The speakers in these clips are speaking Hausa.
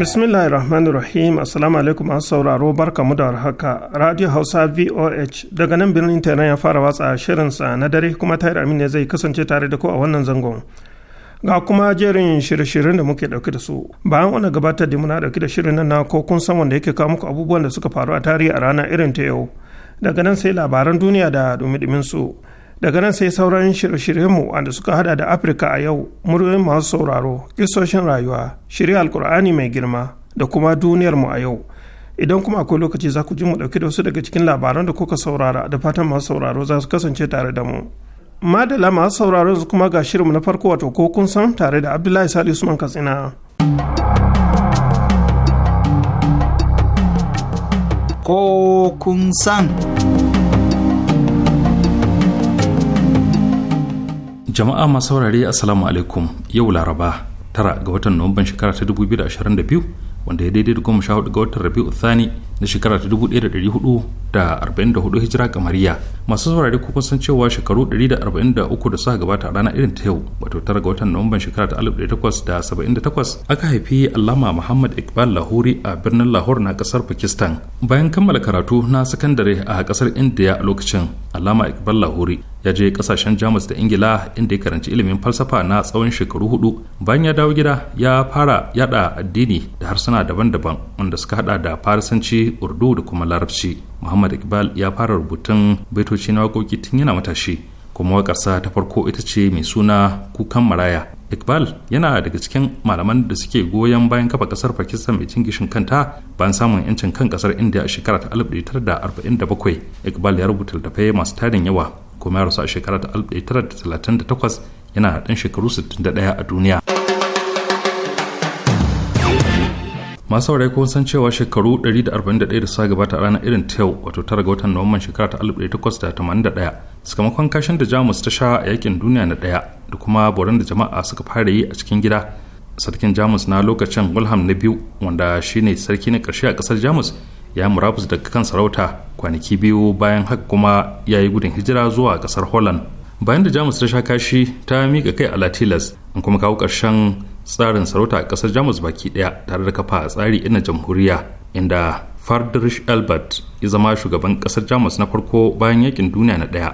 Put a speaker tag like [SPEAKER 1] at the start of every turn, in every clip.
[SPEAKER 1] bismillahir rahmanir rahim assalamu alaikum an sauraro barka mu da haka radio hausa voh daga nan birnin tehran ya fara watsa shirinsa na dare kuma tayar amin ne zai kasance tare da ku a wannan zangon ga kuma jerin shirye-shiryen da muke dauke da su bayan wani gabatar da muna dauke da shirin nan na ko kun san wanda yake kawo muku abubuwan da suka faru a tarihi a rana irin ta yau daga nan sai labaran duniya da dumi-dumin su daga nan sai sauran shirye-shiryenmu wanda suka hada da afirka a yau muryoyin masu sauraro kisoshin rayuwa shirya alkur'ani mai girma da kuma duniyar mu a yau idan kuma akwai lokaci za ku ji mu dauki da wasu daga cikin labaran da kuka saurara da fatan masu sauraro za su kasance tare da mu madala masu sauraro su kuma ga shirinmu na farko wato ko kun san tare da abdullahi sali usman katsina ko kun san
[SPEAKER 2] jama'a masu saurare assalamu alaikum yau laraba tara ga watan nuwamban shekara ta 2022 wanda ya daidai da goma sha hudu ga watan rabi'u thani na shekara ta 1444 hijira kamariya masu saurari ko san cewa shekaru 143 da suka gabata a rana irin ta yau wato tara ga watan nuwamban shekara ta 1878 aka haifi allama muhammad iqbal lahori a birnin lahore na kasar pakistan bayan kammala karatu na sakandare a kasar india a lokacin allama iqbal lahori ya je kasashen jamus da ingila inda ya karanci ilimin falsafa na tsawon shekaru hudu bayan ya dawo gida ya fara yada addini da harsuna daban-daban wanda suka hada da farisanci urdu da kuma larabci muhammad iqbal ya fara rubutun baitoci na waƙoƙi tun yana matashi kuma wakarsa ta farko ita ce mai suna kukan maraya iqbal yana daga cikin malaman da suke goyon bayan kafa kasar pakistan mai cin gishin kanta bayan samun yancin kan kasar india a shekara ta 1947 iqbal ya rubuta littattafai masu tarin yawa kuma ya rasu a shekara ta 1938 yana da ɗan shekaru da ɗaya a duniya. masu saurayi kun san cewa shekaru 141 da suka gabata a ranar irin ta yau wato tara ga watan nuwamman shekara ta 1881 sakamakon kashin da jamus ta sha a yakin duniya na daya da kuma boran da jama'a suka fara yi a cikin gida sarkin jamus na lokacin wilhelm na biyu wanda shi ne sarki na karshe a kasar jamus ya murabus daga kan sarauta kwanaki biyu bayan haka kuma ya yi gudun hijira zuwa kasar holland bayan da jamus ta sha kashi ta miƙa kai a latilas an kuma kawo ƙarshen tsarin sarauta a kasar jamus baki daya tare da kafa tsari ina jamhuriya inda fardrish albert ya zama shugaban kasar jamus na farko bayan yakin duniya na daya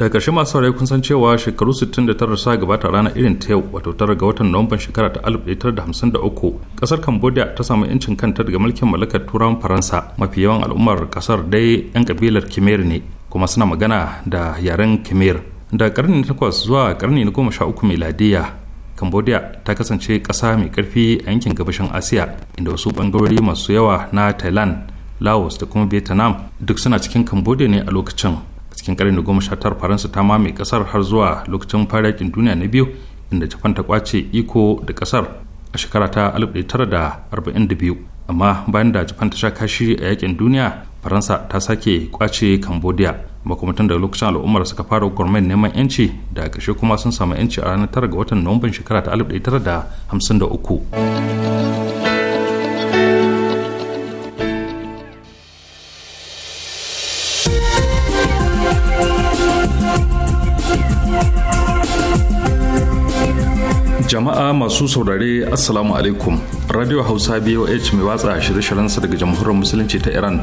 [SPEAKER 2] daga ƙarshe masu saurayi kun san cewa shekaru 69 sa gabata rana irin ta yau wato tara ga watan nuwamban shekara ta 1953 kasar cambodia ta samu yancin kanta daga mulkin mallakar turawan faransa mafi yawan al'ummar kasar dai 'yan kabilar khmer ne kuma suna magana da yaren khmer da karni na takwas zuwa karni na goma sha uku miladiya cambodia ta kasance ƙasa mai ƙarfi a yankin gabashin asiya inda wasu bangarori masu yawa na thailand laos da kuma vietnam duk suna cikin cambodia ne a lokacin a cikin ƙarni na goma sha tara faransa ta ma mai ƙasar har zuwa lokacin farakin duniya na biyu inda japan ta kwace iko da ƙasar a shekara ta biyu amma bayan da japan ta sha kashi a yakin duniya faransa ta sake kwace cambodia makamatan da lokacin al'ummar suka fara gwamnati neman yanci da ƙarshe kuma sun samu yanci a ranar tara ga watan nuwamban shekara ta 1953 jama'a masu saurare assalamu alaikum radio hausa boh mai watsa shirye shiryen daga jamhuriyar musulunci ta iran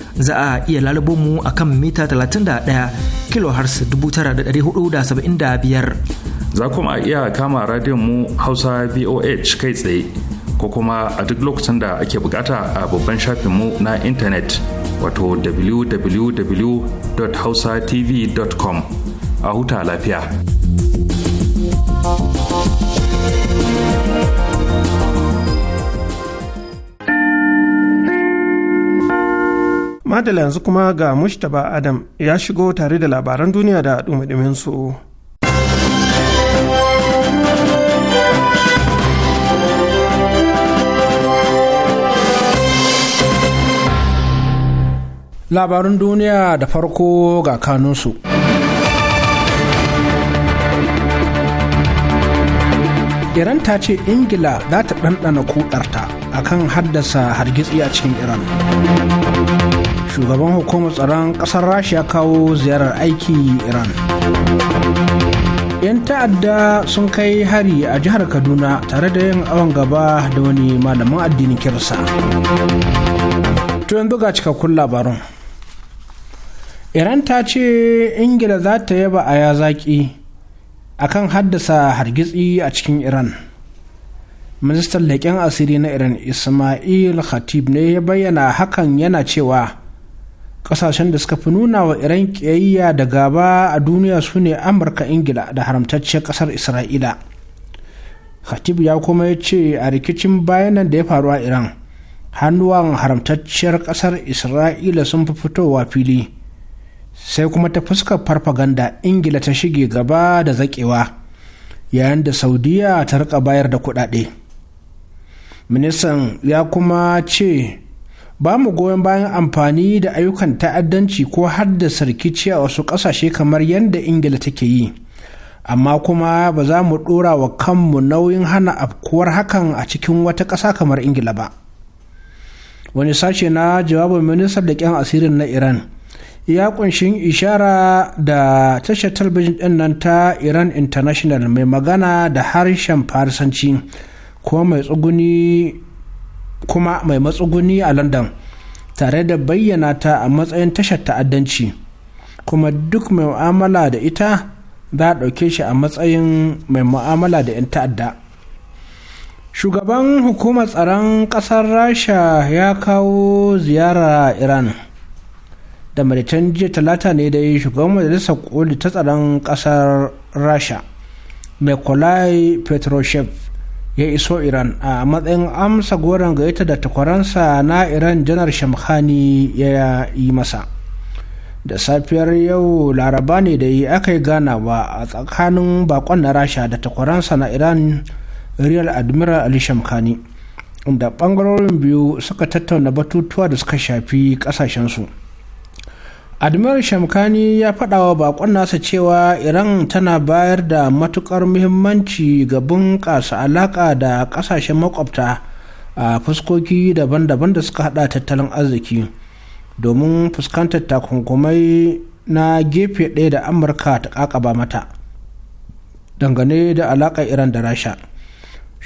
[SPEAKER 3] za a iya lalubo mu a kan mita 31
[SPEAKER 2] da biyar. Za kuma iya kama radiyon mu Hausa VOH kai tsaye ko kuma a duk lokacin da ake bukata a babban mu na intanet wato www.hausatv.com a huta lafiya.
[SPEAKER 1] madala yanzu kuma ga mushtaba adam ya shigo tare da labaran duniya da dumudumin su
[SPEAKER 4] labarun duniya da farko ga kanunsu iran ta ce ingila za ta ɗanɗana a akan haddasa hargitsi a cikin iran shugaban hukumar tsaron ƙasar rasha kawo ziyarar aiki iran yan ta'adda sun kai hari a jihar kaduna tare da yin awon gaba da wani malamin addinin kirsa to yanzu ga cikakkun labarun iran ta ce ingila za ta yaba a zaƙi akan haddasa hargitsi a cikin iran ministan leƙen asiri na iran ismail khatib ne ya bayyana hakan yana cewa kasashen da suka fi nuna wa iran kiyayya da gaba a duniya su ne amurka ingila da haramtacciyar kasar isra'ila khatib ya kuma ya ce a rikicin bayanan da ya faru a iran hannuwan haramtacciyar kasar isra'ila sun fi fitowa fili sai kuma ta fuskar farfaganda ingila ta shige gaba da zakewa yayin da saudiya ta rika bayar da kudade ministan ya kuma ce ba mu goyon bayan amfani da ayyukan ta'addanci ko haddasa rikici a wasu ƙasashe kamar yadda ingila take yi amma kuma ba za mu ɗora wa kanmu nauyin hana afkuwar hakan a cikin wata ƙasa kamar ingila ba wani sashe na jawabin ministan ƙyan asirin na iran ya kunshi ishara da tashar talabijin ɗin nan ta iran international mai magana da harshen farisanci ko mai tsuguni kuma mai matsuguni a london tare da bayyana ta a matsayin tashar ta'addanci kuma duk mai mu'amala da ita za a ɗauke shi a matsayin mai mu'amala da 'yan ta'adda shugaban hukumar tsaron ƙasar rasha ya kawo ziyara iran da maritan jiya talata ne da yi shugaban majalisar koli ta tsaron ƙasar rasha nikolai petroshev ya iso iran a matsayin amsa goron gaita da takwaransa na iran janar shamkhani ya yi masa da safiyar yau laraba ne da yi aka yi ganawa a tsakanin bakon na rasha da takwaransa na iran real admiral ali shamkhani inda ɓangarorin biyu suka tattauna batutuwa da suka shafi ƙasashensu admiral shamkani ya faɗawa wa bakon nasa cewa iran tana bayar da matukar muhimmanci ga bunƙasa alaƙa da ƙasashen makwabta a fuskoki daban-daban da suka hada tattalin arziki domin fuskantar takunkumai na gefe ɗaya da amurka ta ƙaƙaba mata dangane da alaƙar iran da rasha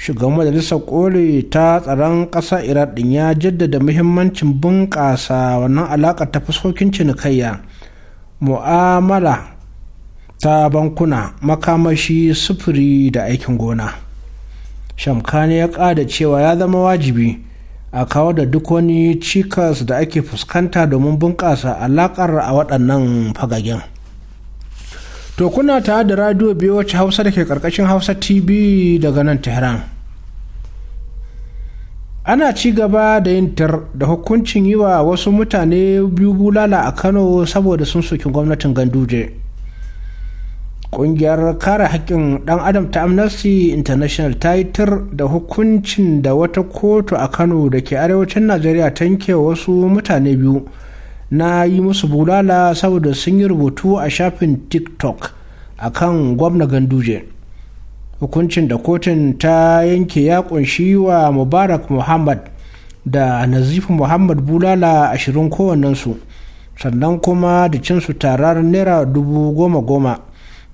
[SPEAKER 4] shugaban majalisar koli ta tsaron ƙasa iran din ya jaddada muhimmancin bunƙasa wannan alaƙa ta fuskokin cinikayya mu'amala ta bankuna makamashi sufuri da aikin gona shamkani ya ƙada cewa ya zama wajibi a kawo da duk wani cikas da ake fuskanta domin bunƙasa alaƙar a waɗannan fagagen. To kuna tare da radio biyu wacce Hausa da ke karkashin Hausa TV daga nan Tehran. Ana ci gaba da yin tar da hukuncin yi wa wasu mutane biyu bulala a Kano saboda sun soki gwamnatin Ganduje. Ƙungiyar kare haƙƙin ɗan adam ta Amnesty International ta yi tar da hukuncin da wata kotu a Kano da ke arewacin Najeriya ta wasu mutane biyu. na yi musu bulala saboda sun yi rubutu a shafin tiktok a kan gwamna ganduje hukuncin da kotun ta yanke ya kunshi wa mubarak muhammad da nazifu muhammad bulala ashirin kowannensu sannan kuma da cinsu tarar naira dubu goma goma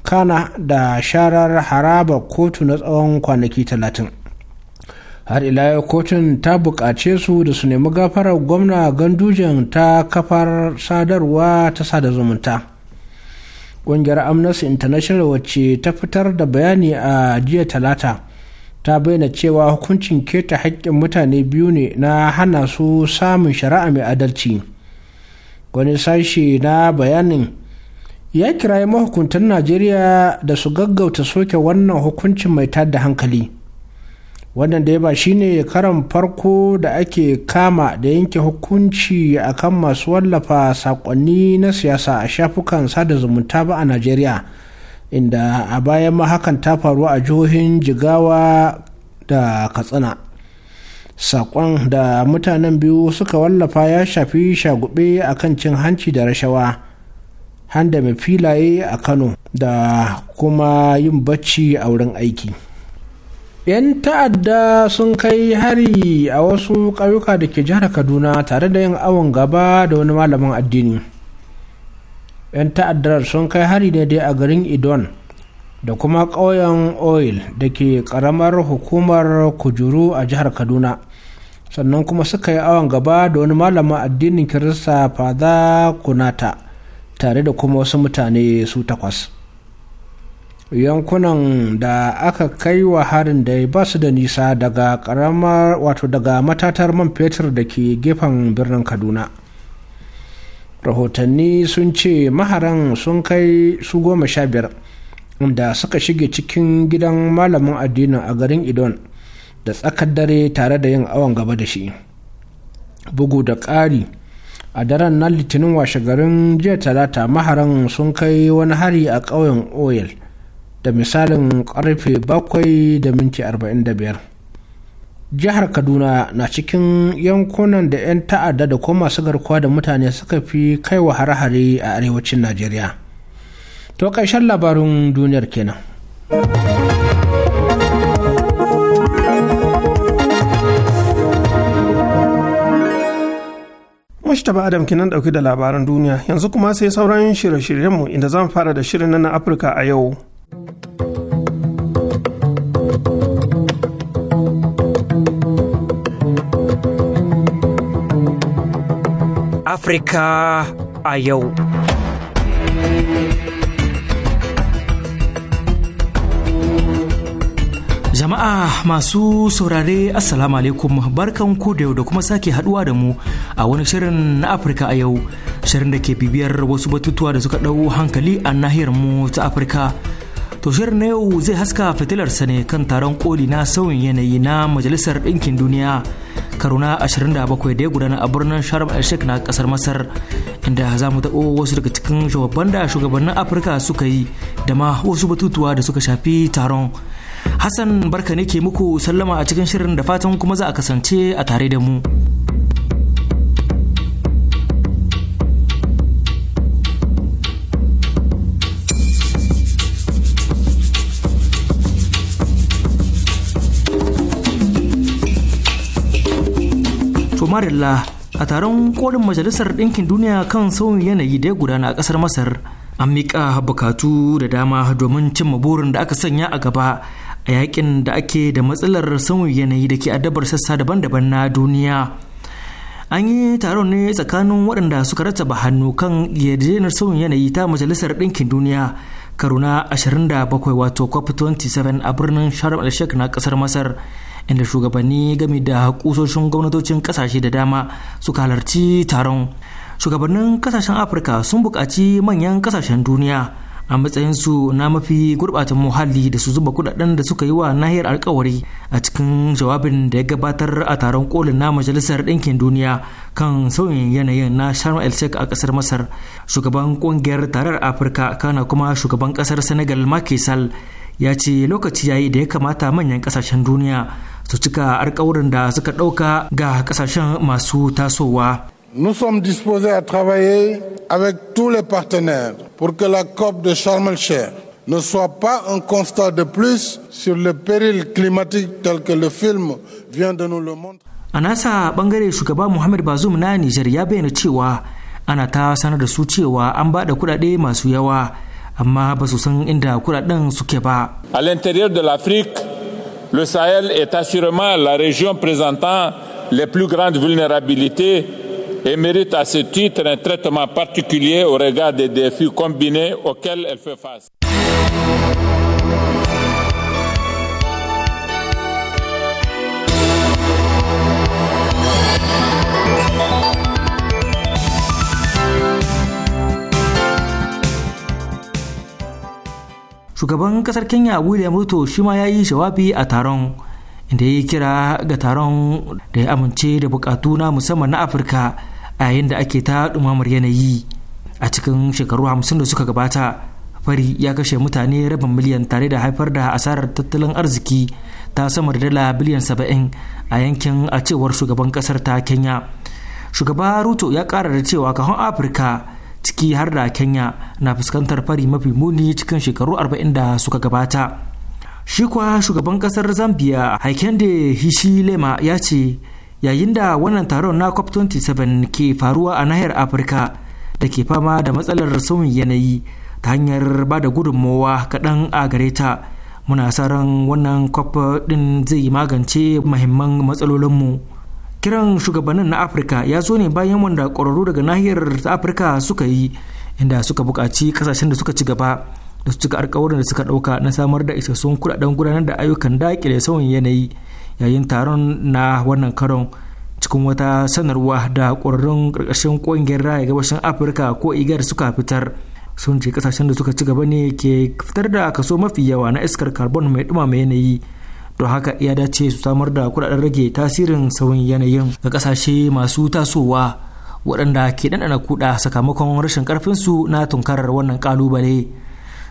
[SPEAKER 4] kana da sharar haraba kotu na tsawon kwanaki talatin har ila kotun ta buƙace su da su nemi gafarar gwamna gandujan ta kafar sadarwa ta sada zumunta ƙungiyar amnesty international wacce ta fitar da bayani a jiya talata ta bayyana cewa hukuncin keta haƙƙin mutane biyu ne na hana su samun shari'a mai adalci wani sashe na bayanin ya kirayi mahukuntan najeriya da su gaggauta soke wannan hukuncin mai tada hankali wannan da ya ba shine karan farko da ake kama da yanke hukunci akan masu wallafa sakonni na siyasa a shafukan sada zumunta ba a najeriya inda a bayan ma hakan ta faru a jihohin jigawa da katsina sakon da mutanen biyu suka wallafa ya shafi shagube akan cin hanci da rashawa handa mai filaye a kano da kuma yin bacci a wurin aiki 'yan ta'adda sun kai hari a wasu ƙauyuka da ke jihar kaduna tare da yin awon gaba da wani malamin addini 'yan ta'addar sun kai hari ne dai a garin idon da kuma ƙauyen oil da ke ƙaramar hukumar kujuru a jihar kaduna sannan kuma suka yi awon gaba da wani malamin addinin kirista fada kunata tare da kuma wasu mutane su takwas. yankunan da aka kai wa harin da ba su da nisa daga karamar wato daga matatar man fetur da ke gefen birnin kaduna rahotanni sun ce maharan sun kai su goma sha biyar da suka shige cikin gidan malamin addinin a garin idon da tsakar dare tare da yin awon gaba da shi bugu da ƙari a daren nan litinin washe garin jiya talata maharan sun kai wani hari a ƙauyen oil da misalin karfe 7 da minti 45 jihar kaduna na cikin yankunan da 'yan ta'adda da kuma masu garkuwa da mutane suka fi kaiwa hare-hare a arewacin najeriya to ƙarshen labarin duniyar kenan
[SPEAKER 1] Mustapha Adam kinan dauki da labaran duniya yanzu kuma sai sauran shirye-shiryenmu inda zan fara da shirin na Afirka a yau.
[SPEAKER 3] Afirka a yau. Jama'a masu saurare Assalamu alaikum barkan ku da yau da kuma sake haduwa da mu a wani shirin na Afirka a yau shirin da ke bibiyar wasu batutuwa da suka ɗau hankali a nahiyar mu ta Afirka. to shirin na yau zai haska fitilarsa ne kan taron koli na sauyin yanayi na majalisar ɗinkin duniya karuna 27 da ya gudana a birnin sharm el sheikh na kasar masar inda za mu taɓo wasu daga cikin shugaban da shugabannin afirka suka yi da ma wasu batutuwa da suka shafi taron hassan barka ne ke muku sallama a cikin shirin da fatan kuma za a kasance a tare da mu. to a taron kolin majalisar ɗinkin duniya kan sauyin yanayi da ya gudana a ƙasar masar an miƙa bukatu da dama domin cimma burin da aka sanya a gaba a yakin da ake da matsalar sauyin yanayi da ke addabar sassa daban-daban na duniya an yi taron ne tsakanin waɗanda suka rattaba hannu kan yarjejeniyar sauyin yanayi ta majalisar ɗinkin duniya karuna 27 wato cop 27 a birnin sharm el-sheikh na kasar masar inda shugabanni game da kusoshin gwamnatocin kasashe da dama suka halarci taron shugabannin kasashen afirka sun buƙaci manyan kasashen duniya a matsayinsu na mafi gurɓatan muhalli da su zuba kudaden da suka yi wa nahiyar alkawari a cikin jawabin da ya gabatar a taron kolin na majalisar ɗinkin duniya kan sauyin yanayin na sharm el sheikh a ƙasar masar shugaban ƙungiyar tarar afirka kana kuma shugaban ƙasar senegal makisal ya ce lokaci yayi da ya kamata manyan ƙasashen duniya su cika alkawarin da suka ɗauka ga kasashen masu tasowa. Nous sommes disposés
[SPEAKER 5] à travailler avec tous les partenaires pour que la COP de Sharm el-Sheikh ne soit pas un constat de plus sur le péril climatique tel que le film vient de nous le montrer.
[SPEAKER 3] A nasa bangare shugaba Muhammad Bazoum na Niger ya bayyana cewa ana ta sanar da su cewa an ba da kuɗaɗe masu yawa amma ba su san inda kuɗaɗen suke ba.
[SPEAKER 6] À l'intérieur de l'Afrique, Le Sahel est assurément la région présentant les plus grandes vulnérabilités et mérite à ce titre un traitement particulier au regard des défis combinés auxquels elle fait face.
[SPEAKER 3] shugaban kasar kenya william ruto shi ma ya yi jawabi a taron inda ya yi kira ga taron da ya amince da bukatu na musamman na afirka a yayin da ake ta dumamar yanayi a cikin shekaru hamsin da suka gabata fari ya kashe mutane rabin miliyan tare da haifar da asarar tattalin arziki ta samar da dala biliyan saba'in a yankin a cewar shugaban kasar ta kenya shugaba ruto ya kara da cewa kahon afirka ciki har da kenya na fuskantar fari mafi muni cikin shekaru 40 da suka gabata shi kuwa shugaban kasar zambia haikende hishilema ya ce yayin da wannan taron na cop 27 ke faruwa a nahiyar afirka da ke fama da matsalar sauyin yanayi ta hanyar ba da gudunmowa kaɗan a gare ta muna sa ran wannan cop ɗin zai magance mahimman matsalolinmu kiran shugabannin na afirka ya zo ne bayan wanda kwararru daga nahiyar ta afirka suka yi inda suka buƙaci kasashen da suka ci gaba da su cika alkawarin da suka ɗauka na samar da isassun kuɗaɗen gudanar da ayyukan daƙile sauyin yanayi yayin taron na wannan karon cikin wata sanarwa da ƙwararrun ƙarƙashin ƙungiyar raya gabashin afirka ko igar suka fitar sun ce kasashen da suka ci gaba ne ke fitar da kaso mafi yawa na iskar carbon mai dumama yanayi don haka ya dace su samar da kudaden rage tasirin sauyin yanayin ga kasashe masu tasowa waɗanda ke ɗanɗana kuɗa sakamakon rashin ƙarfinsu na tunkarar wannan ƙalubale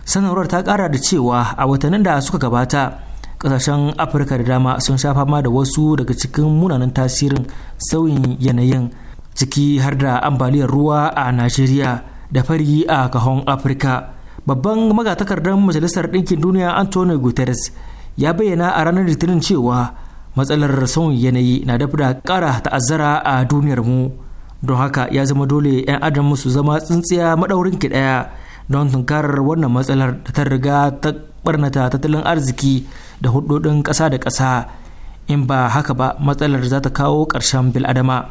[SPEAKER 3] sanarwar ta ƙara da cewa a watannin da suka gabata ƙasashen afirka da dama sun sha fama da wasu daga cikin munanan tasirin sauyin yanayin ciki har da ambaliyar ruwa a najeriya da fari a kahon afirka babban magatakardar majalisar ɗinkin duniya antonio guterres ya bayyana a ranar litinin cewa matsalar sauyin yanayi na da kara ta'azzara a duniyar mu don haka ya zama dole 'yan adam su zama tsintsiya maɗaurin ki ɗaya don tunkarar wannan matsalar da ta riga ta barnata tattalin arziki da hudodin ƙasa da ƙasa in ba haka ba matsalar za ta kawo ƙarshen biladama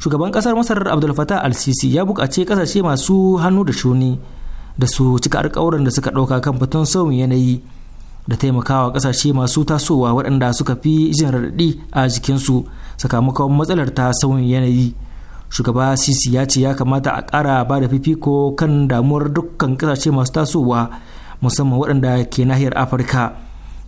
[SPEAKER 3] shugaban ƙasar masar abdul fatah al-sisi ya buƙaci ƙasashe masu hannu da shuni da su cika alƙawuran da suka ɗauka kan batun sauyin yanayi da taimakawa kasashe masu tasowa waɗanda suka fi jin raɗaɗi a jikinsu sakamakon matsalar ta sauyin yanayi shugaba sisi ya ce ya kamata a ƙara ba da fifiko kan damuwar dukkan kasashe masu tasowa musamman waɗanda ke nahiyar afirka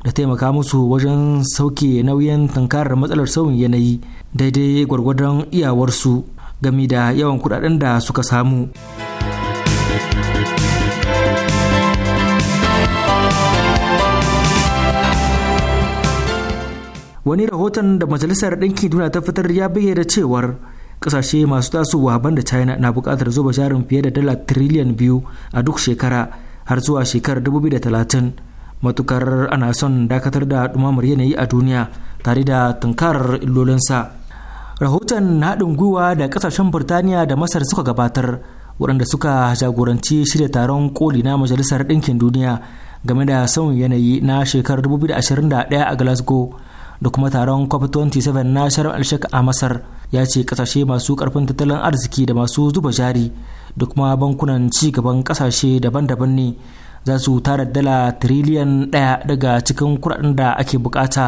[SPEAKER 3] da taimaka musu wajen sauke nauyin tankarar matsalar sauyin yanayi daidai gwargwadon iyawarsu gami da yawan kuɗaɗen da suka samu. wani rahoton da majalisar ɗinkin duniya ta fitar ya bayyana cewar kasashe masu tasowa banda china na buƙatar zuba jarin fiye da dala tiriliyan biyu a duk shekara har zuwa shekarar 2030 matukar ana son dakatar da ɗumamar yanayi a duniya tare da tunkarar illolinsa rahoton haɗin gwiwa da kasashen burtaniya da masar suka gabatar waɗanda suka jagoranci shirya taron koli na majalisar ɗinkin duniya game da sauyin yanayi na shekarar 2021 a glasgow da kuma taron COP27 na Sharm al a Masar ya ce kasashe masu karfin tattalin arziki da masu zuba jari da kuma bankunan ci gaban kasashe daban-daban ne za su tara dala tiriliyan ɗaya daga cikin kuɗaɗen da ake bukata.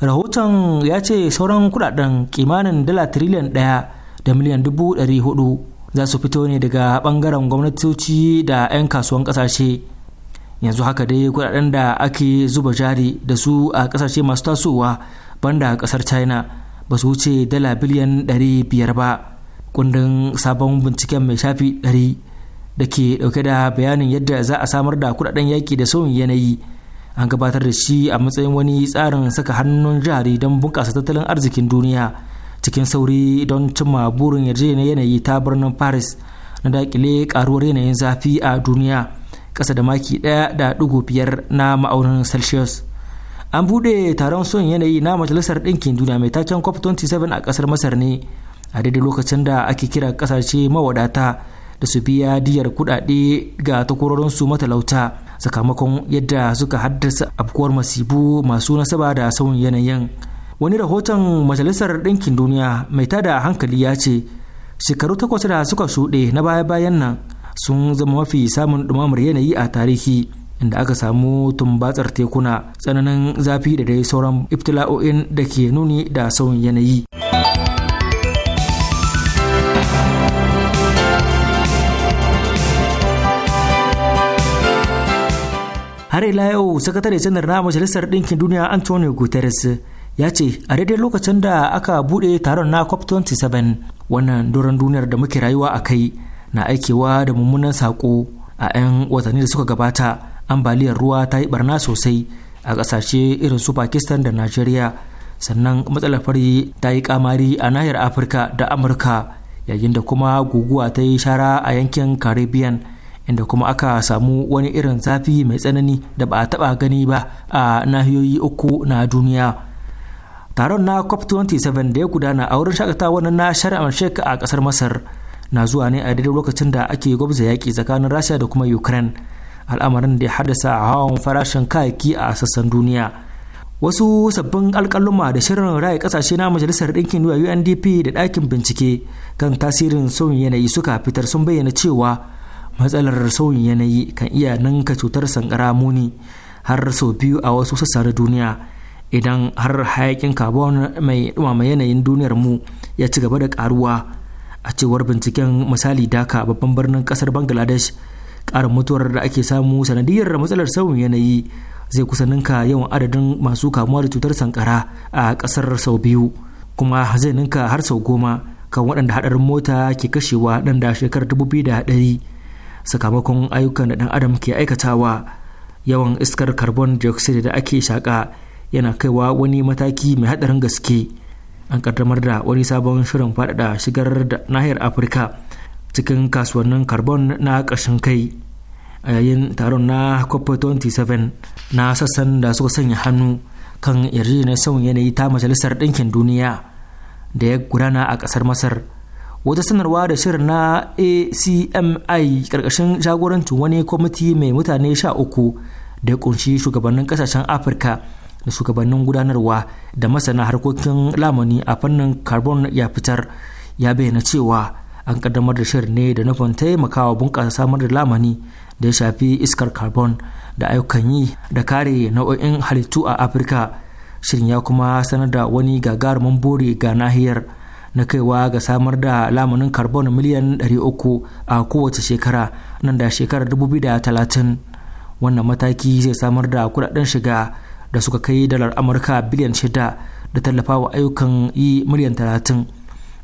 [SPEAKER 3] Rahoton ya ce sauran kuɗaɗen kimanin dala tiriliyan ɗaya da miliyan dubu ɗari hudu za su fito ne daga ɓangaren gwamnatoci da 'yan kasuwan ƙasashe. yanzu haka dai kudaden da ake zuba jari da su a kasashe masu tasowa banda kasar china ba su wuce dala biliyan 500 ba kundin sabon binciken mai shafi 100 da ke dauke da bayanin yadda za a samar da kudaden yaki da sauyin yanayi an gabatar da shi a matsayin wani tsarin saka hannun jari don bunƙasa tattalin arzikin duniya cikin sauri don cimma burin yarjejeniyar yanayi ta birnin paris na dakile karuwar yanayin zafi a duniya kasa da maki ɗaya da ɗigo biyar na ma'aunin celsius an buɗe taron son yanayi na majalisar ɗinkin duniya mai taken cop 27 a ƙasar masar ne a daidai lokacin da ake kira ƙasashe mawadata da su biya diyar kuɗaɗe ga takwarorinsu matalauta sakamakon yadda suka haddasa afkuwar masibu masu nasaba da sauyin yanayin wani rahoton majalisar ɗinkin duniya mai tada hankali ya ce shekaru takwas da suka shuɗe na baya-bayan nan sun zama mafi samun ɗumamar yanayi a tarihi inda aka samu tumbatsar tekuna tsananin zafi da dai sauran iftila'o'in da ke nuni da sauyin yanayi. har ila yau sakatare janar na majalisar ɗinkin duniya antonio guterres ya ce a daidai lokacin da aka buɗe taron na cop 27 wannan doron duniyar da muke rayuwa a kai na aikewa da mummunan sako a 'yan watanni da suka gabata ambaliyar ruwa ta yi barna sosai a ƙasashe irin su pakistan da nigeria sannan matsalar fari ta yi kamari a nahiyar afirka da amurka yayin da kuma guguwa ta yi shara a yankin caribbean inda kuma aka samu wani irin zafi mai tsanani da ba a taba gani ba a nahiyoyi uku na duniya taron na cop 27 da ya gudana a wurin shakatawa na shari'ar shek a kasar masar na zuwa ne a daidai lokacin da ake gwabza yaƙi tsakanin rasha da kuma ukraine al'amarin da ya haddasa a hawan farashin kayaki a sassan duniya wasu sabbin alƙaluma da shirin raya ƙasashe na majalisar ɗinkin duniya undp da ɗakin bincike kan tasirin sauyin yanayi suka fitar sun bayyana cewa matsalar sauyin yanayi kan iya ninka cutar sankara muni har sau biyu a wasu sassa na duniya idan har hayakin carbon mai ɗumama yanayin duniyar mu ya ci gaba da ƙaruwa a cewar binciken misali daka babban birnin kasar bangladesh ƙarin mutuwar da ake samu sanadiyar matsalar sauyin yanayi zai kusa ninka yawan adadin masu kamuwa da cutar sankara a kasar sau biyu kuma zai ninka har sau goma kan waɗanda haɗarin mota ke kashewa ɗan da shekarar dubu da ɗari sakamakon ayyukan da ɗan adam ke aikatawa yawan iskar carbon dioxide da ake shaƙa yana kaiwa wani mataki mai haɗarin gaske an kaddamar da wani sabon shirin faɗaɗa shigar da nahiyar afirka cikin kasuwannin carbon na ƙashin kai a yayin taron na cop 27 na sassan da suka sanya hannu kan yarjejeniyar sauyin yanayi ta majalisar ɗinkin duniya da ya gudana a ƙasar masar wata sanarwa da shirin na acmi ƙarƙashin jagorancin wani kwamiti mai mutane sha uku da ya ƙunshi shugabannin ƙasashen afirka da shugabannin gudanarwa da masana harkokin lamani a fannin carbon ya fitar ya bayyana cewa an kaddamar da shirin ne da nufin taimakawa bunƙasa samar da lamani da ya shafi iskar carbon da ayyukan yi da kare nau'o'in halittu a afirka shirin ya kuma sanar da wani gagarumin bori ga nahiyar na kaiwa ga samar da lamunin carbon miliyan 300 a kowace shekara nan da shekarar 2030 wannan mataki zai samar da kudaden shiga da suka kai dalar amurka biliyan shida da tallafawa ayyukan yi miliyan talatin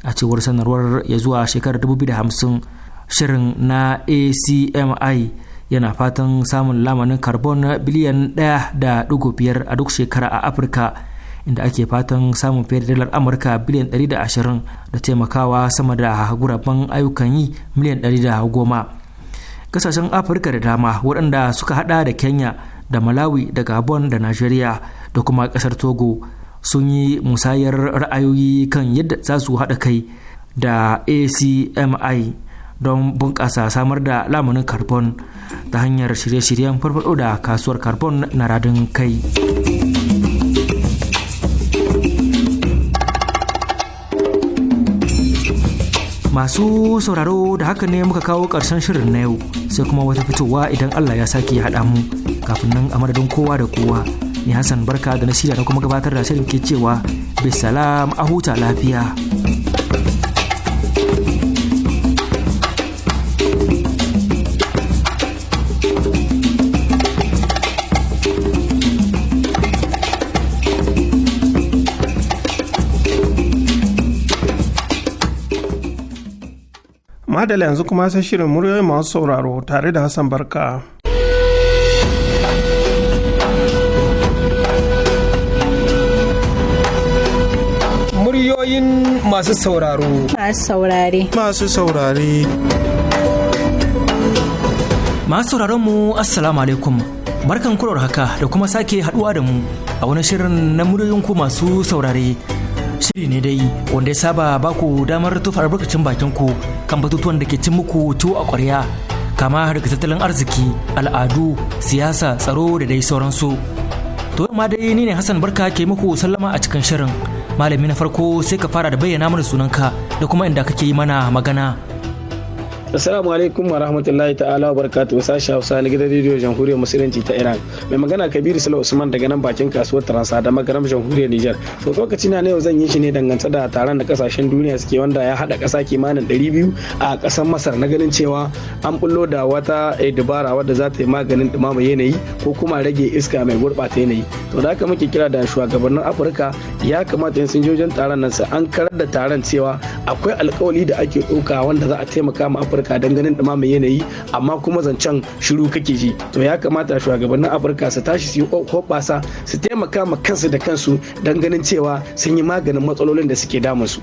[SPEAKER 3] a cewar sanarwar ya zuwa shekarar 2050 shirin na acmi yana fatan samun lamanin carbon biliyan da biyar a duk shekara a afirka inda ake fatan samun fiye da dalar amurka biliyan 120 da da taimakawa sama da guraben ayyukan yi miliyan goma kasashen afirka da dama waɗanda suka hada da kenya da malawi da gabon da najeriya da kuma kasar togo sun yi musayar ra'ayoyi kan yadda za su haɗa kai da acmi don bunƙasa samar da lamunin carbon ta hanyar shirye-shiryen farfaɗo da kasuwar carbon na radin kai masu sauraro da haka ne muka kawo ƙarshen shirin na yau sai kuma wata fitowa idan allah ya sake haɗa mu kafin nan a madadin kowa da kowa ni hassan barka da na shirya na kuma gabatar da shirin ke cewa bisalam a huta lafiya
[SPEAKER 1] madala yanzu kuma sai shirin muryoyi masu sauraro tare da hassan barka
[SPEAKER 3] masu sauraro.
[SPEAKER 7] Masu saurare.
[SPEAKER 3] Masu saurare. Masu sauraron mu Assalamu alaikum. Barkan kurar haka da kuma sake haduwa da mu a wani shirin na muryoyin ku masu saurare. Shiri ne dai wanda ya saba baku damar tufa albarkacin bakin ku kan batutuwan da ke cin muku tuwo a ƙwarya kama daga tattalin arziki, al'adu, siyasa, tsaro da dai sauransu. To ma dai ni ne Hassan Barka ke muku sallama a cikin shirin. malami na farko sai ka fara da bayyana mana sunanka da kuma inda kake yi mana magana
[SPEAKER 8] Assalamu alaikum wa rahmatullahi ta'ala wa barakatuhu sashi Hausa na gidan rediyo Jamhuriyar Musulunci ta Iran. Mai magana Kabiru Sala Usman daga nan bakin kasuwar Taransa da magaram Jamhuriyar niger. To lokaci na yau zan yi shi ne dangantse da taron da kasashen duniya suke wanda ya hada kasa kimanin 200 a kasar Masar na ganin cewa an bullo da wata eh, dabara wadda za ta yi maganin dumama yanayi ko kuma rage iska mai gurbata yanayi. To da haka muke kira da shugabannin Afirka ya kamata yin jojin taron nan su an karar da taron cewa akwai alkawali da ake ɗauka wanda za a taimaka ma afirka don ganin ɗumama yanayi amma kuma zancen shiru kake ji to ya kamata shugabannin afirka su tashi su yi hoɓasa su taimaka ma kansu da kansu don ganin cewa sun yi
[SPEAKER 9] maganin matsalolin da suke damunsu. su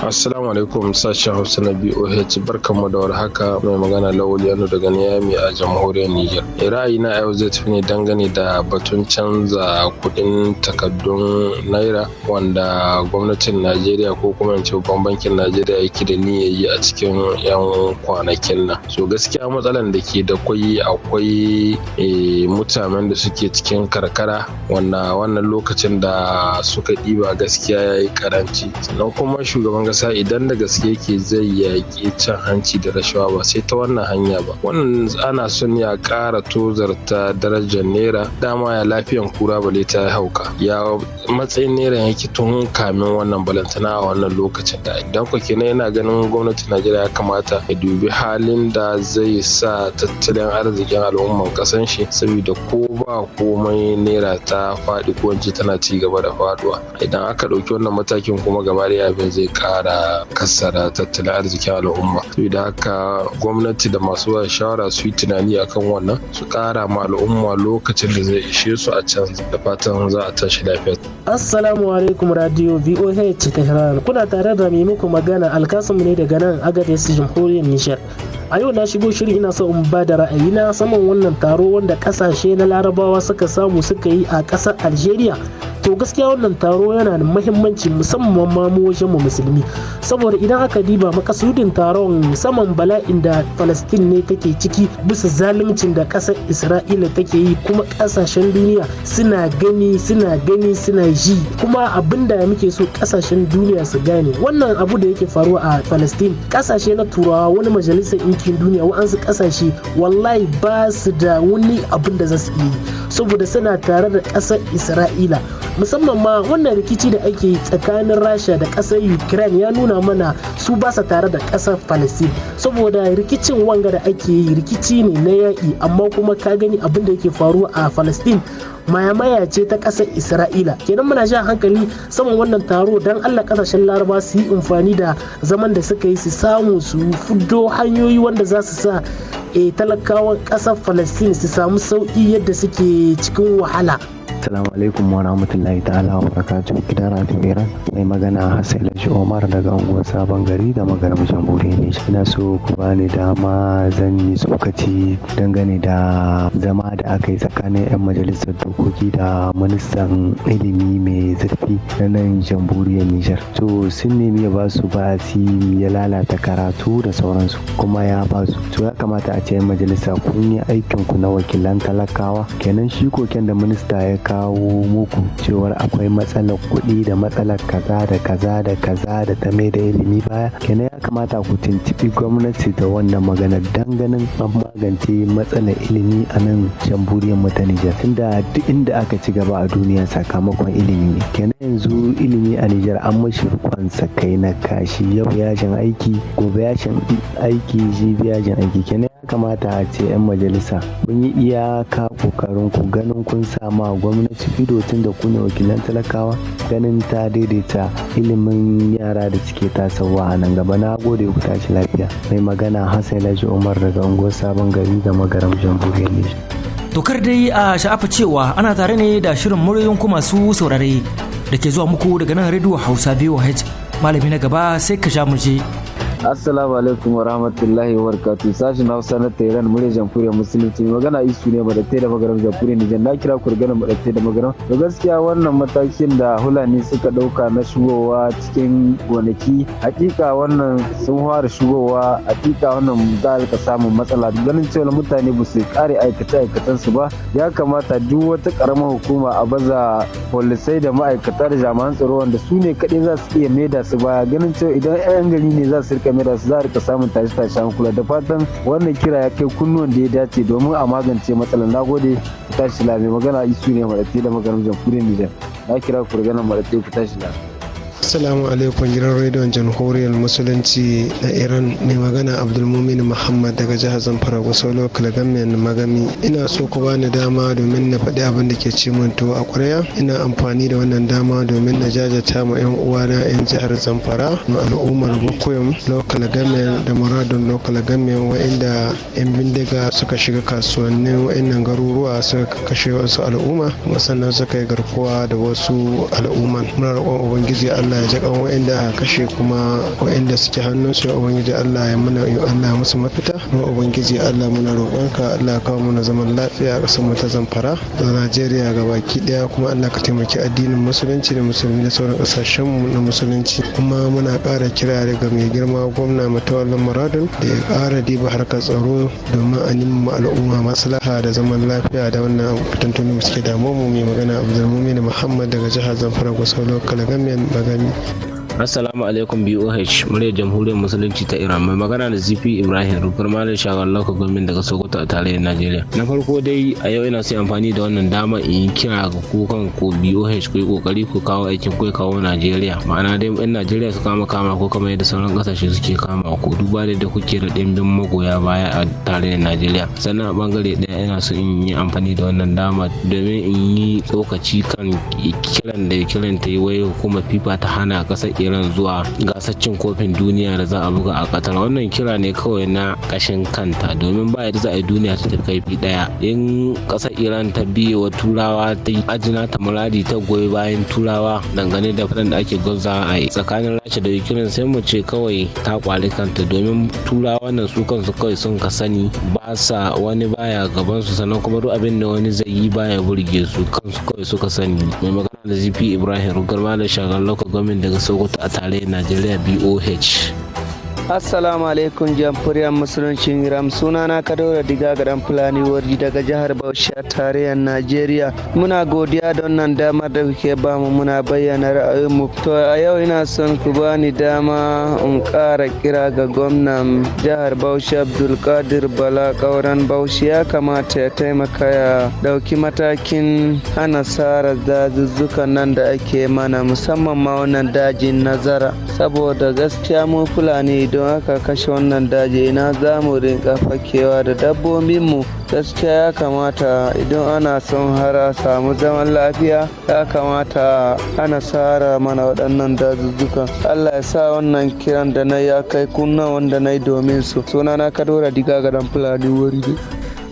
[SPEAKER 6] Assalamu alaikum sashen Hausa na BOH barkanmu da haka mai magana Lawal Yano daga Niyami a jamhuriyar Niger. na yau zai tafi ne dangane da batun canza kuɗin takardun naira wanda gwamnatin Najeriya ko kuma in ce bankin Najeriya yake da niyya yi a cikin 'yan kwanakin nan. So gaskiya matsalan da ke da kwai akwai eh, mutanen da suke cikin karkara wanda wannan lokacin da suka ɗiba gaskiya ya yi karanci. Sannan kuma shugaban shugaban kasa idan da gaske yake zai yaƙi cin hanci da rashawa ba sai ta wannan hanya ba wannan ana son ya ƙara tozarta darajar naira dama ya lafiyan kura bale ta hauka ya matsayin naira yake tun kamin wannan balantana a wannan lokacin da idan ku kenan yana ganin gwamnatin najeriya ya kamata ya dubi halin da zai sa tattalin arzikin al'umman kasan shi saboda ko ba komai naira ta faɗi ko tana ci gaba da faɗuwa idan aka ɗauki wannan matakin kuma gaba da abin zai kara kassara tattalin arzikin al'umma da haka gwamnati da masu ba shawara su yi tunani akan wannan su ƙara ma al'umma lokacin da zai ishe su a can da fatan za a tashi lafiya
[SPEAKER 10] assalamu alaikum radio voh tehran kuna tare da mai muku magana alkasum ne daga nan agadez jamhuriyar nishar a yau na shigo shirin ina so in ba da ra'ayina saman wannan taro wanda kasashe na larabawa suka samu suka yi a ƙasar algeria to gaskiya wannan taro yana da mahimmanci musamman ma mu wajen mu musulmi saboda idan aka diba makasudin taron saman bala'in da Palestine ne take ciki bisa zaluncin da kasar Isra'ila take yi kuma kasashen duniya suna gani suna gani suna ji kuma abin da muke so kasashen duniya su gane wannan abu da yake faruwa a Palestine kasashe na turawa wani majalisar ɗinkin duniya wa'ansu kasashe wallahi ba su da wani abin da za su yi saboda suna tare da kasar Isra'ila musamman ma wannan rikici da ake tsakanin rasha da ƙasar ukraine ya nuna mana su ba sa tare da ƙasar palestine saboda rikicin wanga da ake yi rikici ne na yaƙi amma kuma ka gani abin da yake faruwa a palestine mayamaya ce ta kasar isra'ila kenan muna sha hankali saman wannan taro don allah ƙasashen laraba su yi amfani da zaman da suka yi su samu su fuddo hanyoyi wanda za su sa e, talakawan ƙasar palestine su samu sauƙi yadda suke cikin wahala
[SPEAKER 9] Assalamu alaikum wa rahmatullahi ta'ala wa barakatuh gidan Radio Iran mai magana Hassan Lashi Omar daga unguwar Sabon Gari da magana Mujamburi Nijar. Ina so ku bani dama zan yi tsokaci dangane da zama da aka yi tsakanin 'yan majalisar dokoki da ministan ilimi mai zurfi na nan Jamhuriyar Nijar. To sun nemi ya ba su basi ya lalata karatu da sauransu kuma ya ba su. To ya kamata a ce 'yan majalisa kun yi aikin ku na wakilan talakawa kenan shi koken da minista ya kawo muku cewar akwai matsalar kuɗi da matsalar kaza da kaza da kaza da ta mai da ilimi baya kenan ya kamata ku tuntuɓi gwamnati da wannan magana dan ganin an magance matsalar ilimi a nan jamhuriyar mu ta Nijar tunda duk inda aka ci gaba a duniya sakamakon ilimi ne kenan yanzu ilimi a Nijar an mashi rikon sakai na kashi yau yajin aiki gobe yajin aiki jibi yajin aiki kenan ya kamata a ce 'yan majalisa mun yi iyaka kokarin ku ganin kun sama gwamnati mu na cikin dotun da kunya wakilan talakawa ganin ta daidaita ilimin yara da suke tasowa a nan gaba na gode ku tashi lafiya mai magana hassan laji umar daga unguwar sabon gari da magaram jamhuriyar nishi
[SPEAKER 3] tokar dai a sha'afa cewa ana tare ne da shirin muryoyin ku masu saurare da ke zuwa muku daga nan rediyo hausa biyu h. malami na gaba sai ka sha mu je
[SPEAKER 8] assalamu alaikum wa
[SPEAKER 6] rahmatullahi wa barakatu sashen hausa na tehran murya jamhuriyar musulunci magana isu ne ba da da magaram jamhuriyar nijar na kira gana ba da magana. da to gaskiya wannan matakin da hulani suka dauka na shugowa cikin gonaki hakika wannan sun fara shugowa hakika wannan za a samun matsala ganin cewa mutane ba su kare aikace aikatan su ba ya kamata duk wata karamar hukuma a baza polisai da ma'aikata da jami'an tsaro wanda su ne kaɗai za su iya maida su baya ganin cewa idan 'yan gari ne za su rika kamera za a rika samun tashi tashi kula da fatan wannan kira ya kai kunnuwan da ya dace domin a magance matsalar nagode ku tashi lami magana isu ne maɗaɗe da maganar jamhuriyar nijar na kira ku daga nan ku tashi lami.
[SPEAKER 11] Assalamu alaikum gidan rediyon jamhuriyar musulunci na Iran mai magana Abdulmumin Muhammad daga jihar Zamfara lokal Kalgamiyan Magami. Ina so ku bani dama domin na faɗi abin da ke ci min a ƙwarya. Ina amfani da wannan dama domin na jajata ma 'yan uwana 'yan jihar Zamfara na al'ummar bukuyum lokal Government da Muradun lokal Government wa'inda 'yan bindiga suka shiga kasuwannin wa'innan garuruwa suka kashe wasu al'umma sannan suka yi garkuwa da wasu al'umman. Muna roƙon Ubangiji Allah Allah ya jakan a kashe kuma wa'anda suke su ya ubangiji Allah ya muna ya Allah musu mafita kuma ubangiji Allah muna roƙonka Allah ka kawo mana zaman lafiya a kasar mu ta Zamfara da Najeriya ga baki daya kuma Allah ka taimaki addinin musulunci da musulmi da sauran ƙasashen mu na musulunci kuma muna ƙara kira daga mai girma gwamna matawallan muradun da ya ƙara diba harkar tsaro domin a nima al'umma maslaha da zaman lafiya da wannan mu suke damu mu mai magana Abdulmumin Muhammad daga jihar Zamfara Gusau Lokal Gamiyan Magana Amen.
[SPEAKER 8] Assalamu alaikum BOH muryar jamhuriyar musulunci ta Iran mai magana da ZP Ibrahim rufar malam shagon lokacin gwamnati daga Sokoto a tarayyar Najeriya. Na farko dai a yau ina sai amfani da wannan dama in yi kira ga ku kan ku BOH ku yi kokari ku kawo aikin ku kawo Najeriya ma'ana dai in Najeriya su kama kama ko kamar yadda sauran kasashe suke kama ku duba da kuke da dimbin magoya baya a tarayyar Najeriya. Sannan a bangare ɗaya ina so in yi amfani da wannan dama domin in yi tsokaci kan kiran da kiran ta yi wai hukumar FIFA ta hana kasar iran zuwa gasar cin kofin duniya da za a buga a katar wannan kira ne kawai na kashin kanta domin ba yadda za a yi duniya ta tafi kaifi daya in kasar iran ta biye wa turawa ta yi ajina ta muradi ta goyi bayan turawa dangane da fadan da ake gwazza a yi tsakanin rasha da ukraine sai mu ce kawai ta kwali kanta domin turawa nan su kansu kawai sun ka sani ba sa wani baya gaban su sannan kuma duk abin da wani zai yi baya burge su kansu kawai suka sani mai magana da zp ibrahim rugar da shagar lokacin gwamnati daga sokoto a tarayyar najeriya boh
[SPEAKER 9] assalamu alaikum jamhuriyar musuluncin ram sunana da diga garan fulani warji daga jihar bauchi tarayyar najeriya muna godiya da nan damar da kuke bamu muna bayyana ra'ayinmu to a yau ina son ku bani dama in ƙara kira ga gwamnan jihar bauchi abdulkadir bala kauran bauchi ya kamata ya taimaka ya ɗauki matakin hana sara dazuzzukan nan da ake mana musamman ma wannan dajin nazara saboda gaskiya mu fulani don don haka kashe wannan daji ina zamu rinka fakewa da dabbobinmu gaskiya ya kamata idan ana son hara samu zaman lafiya ya kamata ana sara mana
[SPEAKER 3] waɗannan dazuzzukan
[SPEAKER 9] allah ya sa wannan kiran da na ya kai kunna wanda na yi domin su sunana kadora diga ga dan fulani wuri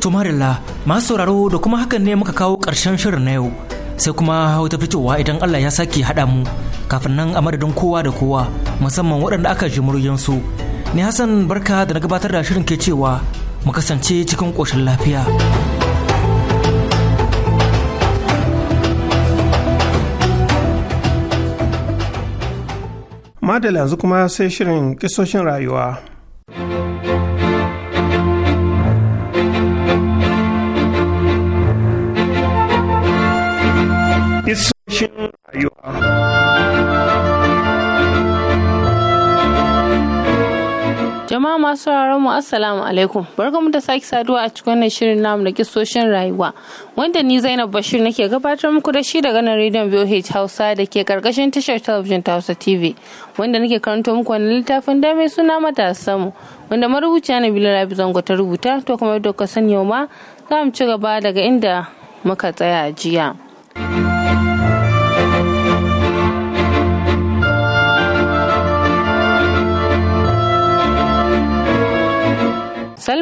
[SPEAKER 3] to marilla masu sauraro da kuma hakan ne muka kawo ƙarshen shirin na yau sai kuma wata fitowa idan Allah ya sake haɗa mu kafin nan a madadin kowa da kowa musamman waɗanda aka ji muryansu ni Hassan barka da na gabatar da shirin ke cewa mu kasance cikin ƙoshin lafiya.
[SPEAKER 1] Madalla yanzu kuma sai shirin kisoshin rayuwa.
[SPEAKER 12] cikin rayuwa
[SPEAKER 7] jama'a masu mu assalamu alaikum mu da sake saduwa a cikin wannan shirin namu da kisoshin rayuwa wanda ni zainab bashir nake gabatar muku da shi daga nan rediyon boh hausa da ke karkashin tashar talabijin ta hausa tv wanda nake karanto muku wani littafin da mai suna samu wanda marubuciya Bilal rabi zango ta rubuta to kuma yadda ka sani yau ma za mu ci gaba daga inda muka tsaya jiya.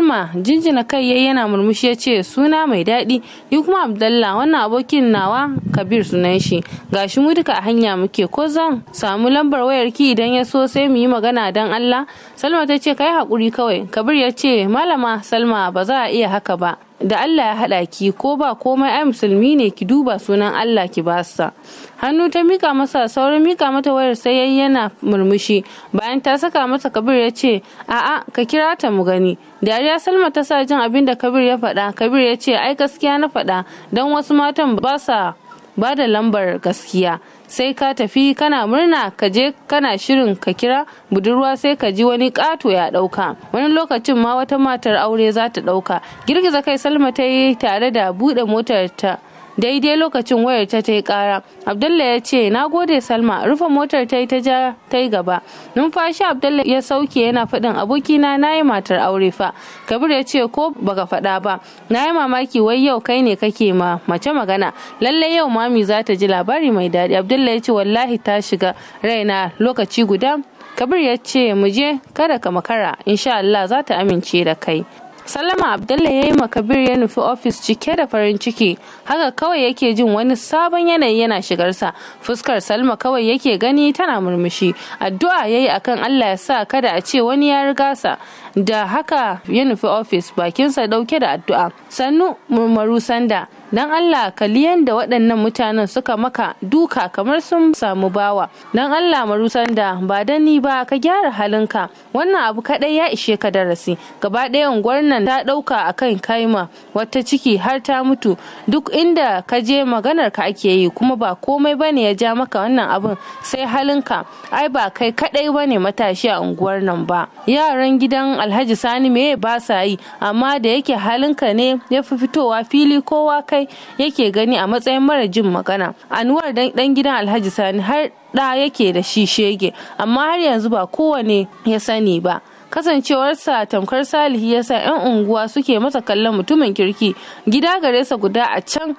[SPEAKER 7] sallama jinjina kai yayi yana murmushi ya ce suna mai daɗi ni kuma abdallah wannan abokin nawa kabir sunan shi gashi mu duka a hanya muke ko zan samu lambar wayar ki idan ya so sai mu yi magana dan allah salma ta ce kai hakuri kawai kabir ya ce malama salma ba za a iya haka ba da Allah ya haɗa ki ko ba komai ai musulmi ne ki duba sunan Allah ki basa hannu ta mika masa saurin mika mata wayar sai yayi yana murmushi bayan ta saka masa kabir ya ce a'a ka kira ta mu gani dariya salma ta sa jin abin da kabir ya faɗa kabir ya ce ai gaskiya na faɗa don wasu matan ba sa ba da lambar gaskiya sai ka tafi kana murna ka je kana shirin ka kira budurwa sai ka ji wani ƙato ya ɗauka wani lokacin ma wata matar aure za ta ɗauka girgiza kai salma ta yi tare da buɗe motar ta daidai lokacin wayar ta ta yi kara abdullah ya ce na gode salma rufe motar ta yi ta ja ta yi gaba numfashi abdullah ya sauke yana faɗin abokina na yi matar aure fa kabir ya ce ko baka faɗa ba na yi mamaki wai yau kai ne kake ma mace magana lallai yau mami za ta ji labari mai daɗi abdullah ya ce wallahi ta shiga raina lokaci guda kabir ya ce mu je kada ka makara insha Allah za ta amince da kai salama abdullah ya yi makabir ya nufi ofis cike da farin ciki, haka kawai yake jin wani sabon yanayi yana shigarsa. Fuskar Salma kawai yake gani tana murmushi. Addu'a ya yi akan Allah ya sa kada a ce wani ya riga sa. Da haka ya nufi ofis bakinsa dauke da addu'a. Sannu murmuru sanda. dan Allah liyan da waɗannan mutanen suka maka duka kamar sun samu bawa don Allah marusan da ba da ni ba ka gyara halinka wannan abu kaɗai ya ishe ka darasi gaba ɗaya unguwar ta ɗauka a kan kaima wata ciki har ta mutu duk inda ka je maganar ka ake yi kuma ba komai ba ne ya ja maka wannan abin sai halinka ai ba kai kaɗai ba ne matashi a unguwar nan ba yaran gidan alhaji sani me ba sa yi amma da yake halinka ne ya fi fitowa fili kowa kai yake gani a matsayin mara jin magana anuwar dan gidan alhaji sani har da yake da shi shege amma har yanzu ba kowane ya sani ba kasancewarsa tamkar salihi sa 'yan unguwa suke masa kallon mutumin kirki gida gare sa guda a can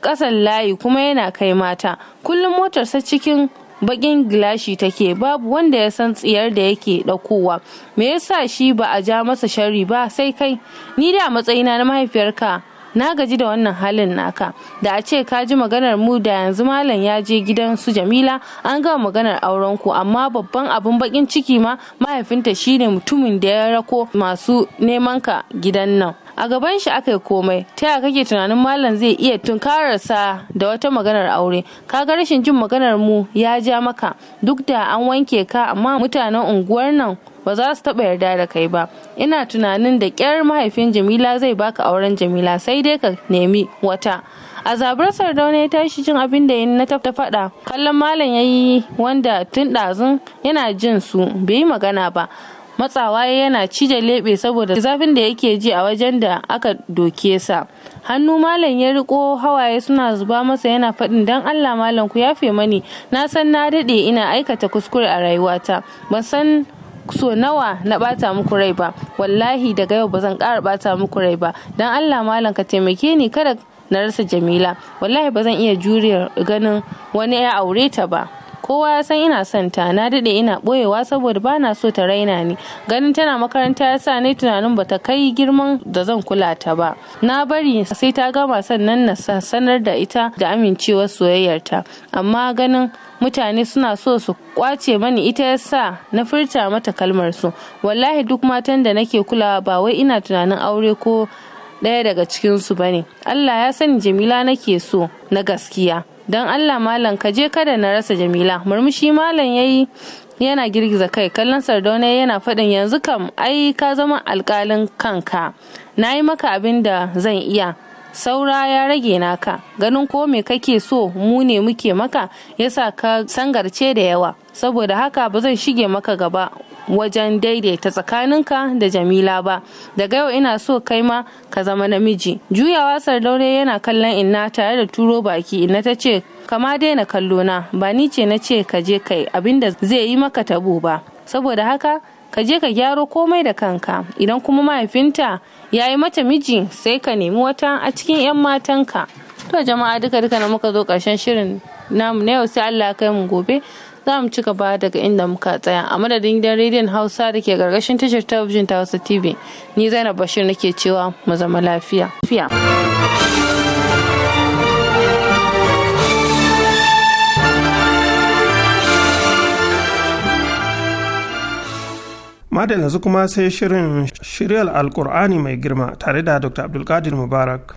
[SPEAKER 7] kasan layi kuma yana kai mata kullum motarsa cikin bakin gilashi take babu wanda ya san tsiyar da yake ɗaukowa me yasa shi ba a ja masa shari ba sai kai ni da matsayina na mahaifiyarka na gaji da wannan halin naka da a ce ka ji maganar mu da yanzu malam ya je gidan su jamila an gama maganar auren ku amma babban abin bakin ciki ma mahaifinta shine mutumin da ya rako masu neman ka gidan nan a gaban shi aka yi komai ta yaya kake tunanin malam zai iya tunkararsa da wata maganar aure kaga rashin jin maganar mu ya ja maka duk da an wanke ka amma mutanen unguwar nan ba za su taɓa yarda da kai ba ina tunanin da ƙyar mahaifin jamila zai baka auren jamila sai dai ka nemi wata a zabar sardauna ya tashi cin abin da na ta faɗa kallon malam ya yi wanda tun ɗazun yana jin su bai yi magana ba matsawa yana cije lebe saboda zafin da yake ji a wajen da aka doke sa hannu malam ya riko hawaye suna zuba masa yana faɗin dan allah malam ku yafe mani na san na daɗe ina aikata kuskure a rayuwata ban san so nawa na bata muku rai ba wallahi daga yau ba zan kara bata muku rai ba dan Allah malam ka taimake ni kada na rasa Jamila wallahi ba zan iya jure ganin wani ya aure ta ba kowa ya san ina son ta na daɗe ina ɓoyewa saboda ba na so ta raina ni ganin tana makaranta ya sa ni tunanin bata kai girman da zan kula ta ba na bari sai ta gama sannan na sanar da ita da amincewar soyayyarta amma ganin mutane suna so su kwace mani ita ya sa na furta mata kalmar su wallahi duk matan da nake kulawa ba wai ina tunanin aure ko ɗaya daga cikinsu bane Allah ya sani Jamila nake so na gaskiya don allah malam ka je kada na rasa jamila murmushi malam yayi yana girgiza kai kallon sardauna yana faɗin yanzu kam ai ka zama alƙalin kanka na yi maka abin da zan iya saura ya rage naka ganin ko me kake so mu ne muke maka yasa ka sangarce da yawa saboda haka ba zan shige maka gaba wajen daidaita tsakaninka da jamila ba daga yau ina so kai ma ka zama namiji juyawa sardaure yana kallon inna tare da turo baki inna ta ce kama daina kallo na ba ni ce na ce ka je kai abinda zai yi maka tabo ba saboda haka ka je ka gyaro komai da kanka idan kuma mahaifinta ya yi mata miji sai ka nemi wata a cikin 'yan matanka to jama'a duka duka na muka zo karshen shirin namu na yau sai allah kai mu gobe za mu ci gaba daga inda muka tsaya a madadin gidan rediyon hausa da ke gargashin tashar talabijin ta hausa tv ni zainab bashir nake cewa mu zama lafiya
[SPEAKER 1] madalla yanzu kuma sai shirin shirya alkur'ani mai girma tare da dr abdulkadir mubarak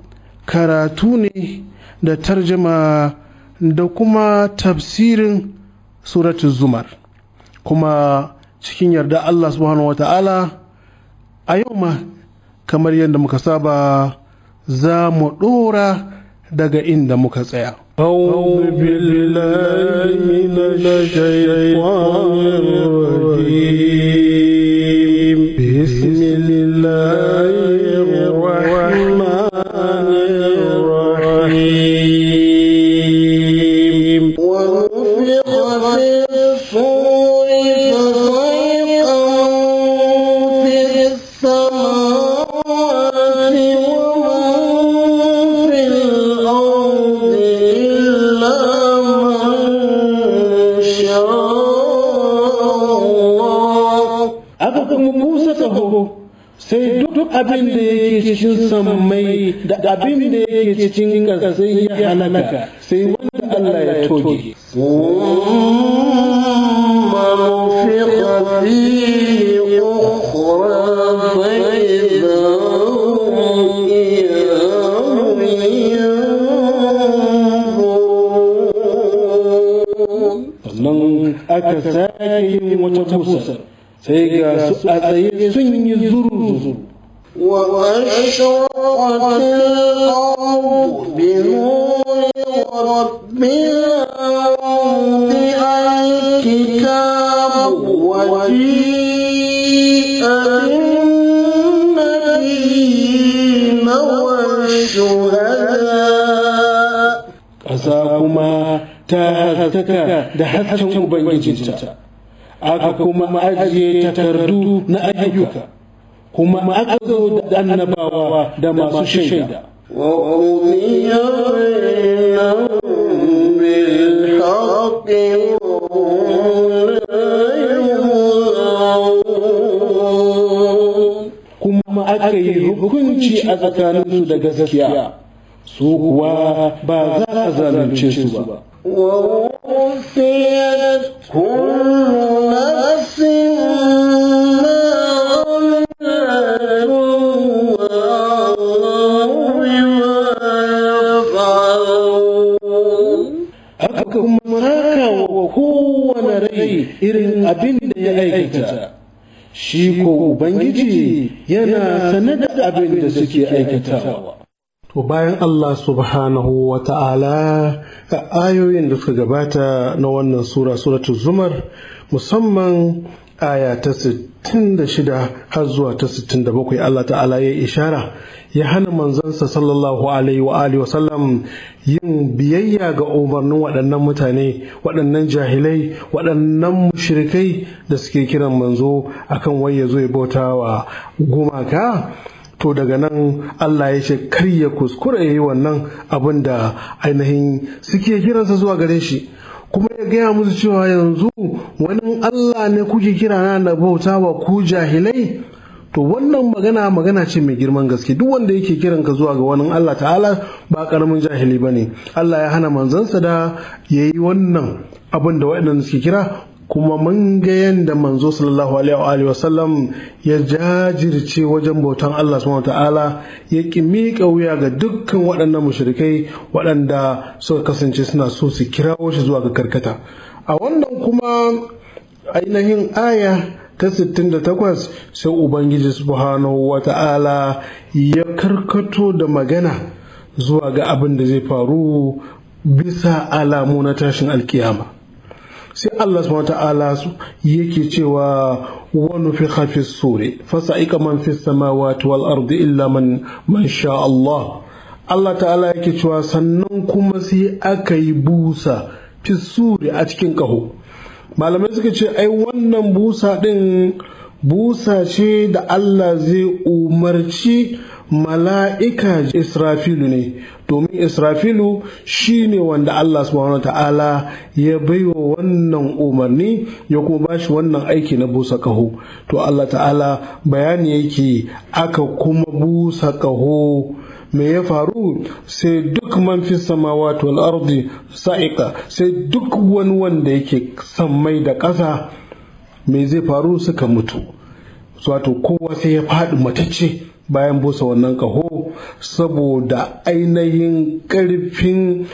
[SPEAKER 5] karatu ne da tarjama da kuma tafsirin suratu zumar kuma cikin yarda Allah subhanahu wa ta'ala a yau ma kamar yadda muka saba za mu ɗora daga inda muka tsaya. أعوذ mu musa taho sai duk abin da yake cikin sammai da abin da yake cikin ƙasai ya halaka sai wanda Allah ya toge. Sannan aka sake yin wata busar. sai ga su a tsaye sun yi zuru-zuru
[SPEAKER 12] وأشرقت الأرض بنور ربها ووضع الكتاب وجيء بالنبيين
[SPEAKER 5] والشهداء ƙasa kuma ta haskaka da hasken ubangijinta aka kuma ajiye takardu na ayyuka kuma aka zo da annabawa da masu shaida kuma aka yi hukunci a tsakaninsu da gaskiya su kuwa ba za a zalunce su ba. Haka kuma haka wa kowane rai irin abin da ya aikata. Shi ko Ubangiji yana sanar da abin da suke aikatawa. To bayan Allah subhanahu wa ta'ala a ayoyin da suka gabata na wannan sura suratul zumar musamman aya ta 66 har zuwa ta 67 Allah ta'ala ya ishara ya hana manzansa sallallahu alaihi wa alihi wasallam yin biyayya ga umarnin waɗannan mutane waɗannan jahilai waɗannan mushrikai da suke kiran manzo akan wai ya zo ya bauta wa gumaka to daga nan Allah ya ce kar ya kuskura ya yi wannan abin da ainihin suke kiransa zuwa gare shi kuma ya gaya musu cewa yanzu wani Allah ne kuke kira na bauta wa ku jahilai to wannan magana magana ce mai girman gaske duk wanda yake kiran ka zuwa ga wani Allah ta'ala ba karamin jahili ba ne Allah ya hana manzansa da ya yi wannan abin da waɗannan suke kira kuma mun ga yadda manzo sallallahu alaihi wa sallam ya jajirce wajen bautan Allah subhanahu ta'ala ya ki miƙa wuya ga dukkan waɗannan mushrikai waɗanda suka kasance suna so su kirawo shi zuwa ga karkata a wannan kuma ainihin aya ta 68 sai ubangiji subhanahu ta'ala ya karkato da magana zuwa ga abin da zai faru bisa alamu na tashin alkiyama sai Allah subhanahu ta'ala su yake cewa wa nufikha fi suri fasa'ika man fi samawati wal ardi illa man man sha Allah Allah ta'ala yake cewa sannan kuma sai aka yi busa fi suri a cikin kaho malamai suka ce ai wannan busa din busa ce da Allah zai umarci mala'ika israfilu ne domin israfilu shi ne wanda allah subhanahu wa ta'ala ya baiwa wannan umarni ya kuma shi wannan aiki na busa kaho to allah ta'ala bayani yake aka kuma busa kaho me ya faru sai duk man fi wal ardi sa'ika sai duk wani wanda yake sammai da ƙasa me zai faru suka mutu wato kowa sai ya faɗi matacce bayan busa wannan kaho saboda ainihin karfin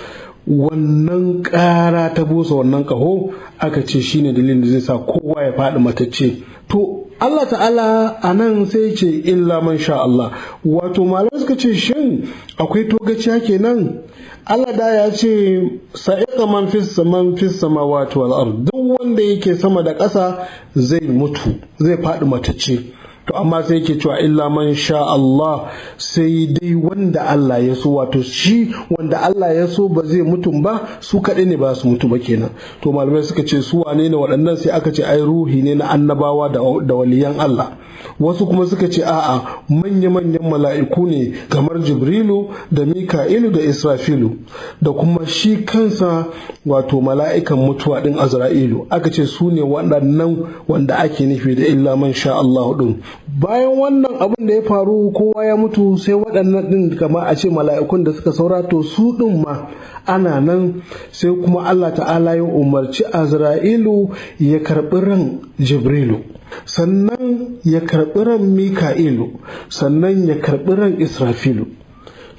[SPEAKER 5] wannan kara ta busa wannan kaho aka ce shine dalilin da zai sa kowa ya faɗi matacce to Allah ta'ala a nan sai ce illa man sha Allah wato malamai suka ce shin akwai togaciya kenan Allah da ya ce sa'iqa man fis man fis samawati wal ard duk wanda yake sama da ƙasa zai mutu zai faɗi matacce to amma sai yake cewa illa man sha Allah sai dai wanda Allah ya so wato shi wanda Allah ya so ba zai mutum ba su kaɗai ne ba su mutu ba kenan to malamai suka ce su wane ne waɗannan sai aka ce ai ruhi ne na annabawa da waliyan Allah wasu kuma suka ce a'a manya-manyan mala'iku ne kamar Jibrilu da Mika'ilu da Israfilu da kuma shi kansa wato mala'ikan mutuwa ɗin Azra'ilu aka ce su ne waɗannan wanda ake nufi da illa man sha Allah bayan wannan abin da ya faru kowa ya mutu sai waɗannan ɗin kama a ce mala'ikun da suka saura to su ɗin ma ana nan sai kuma Allah ta'ala ya umarci Azra'ilu ya karɓi ran Jibrilu sannan ya karɓi ran Mika'ilu sannan ya karɓi ran Israfilu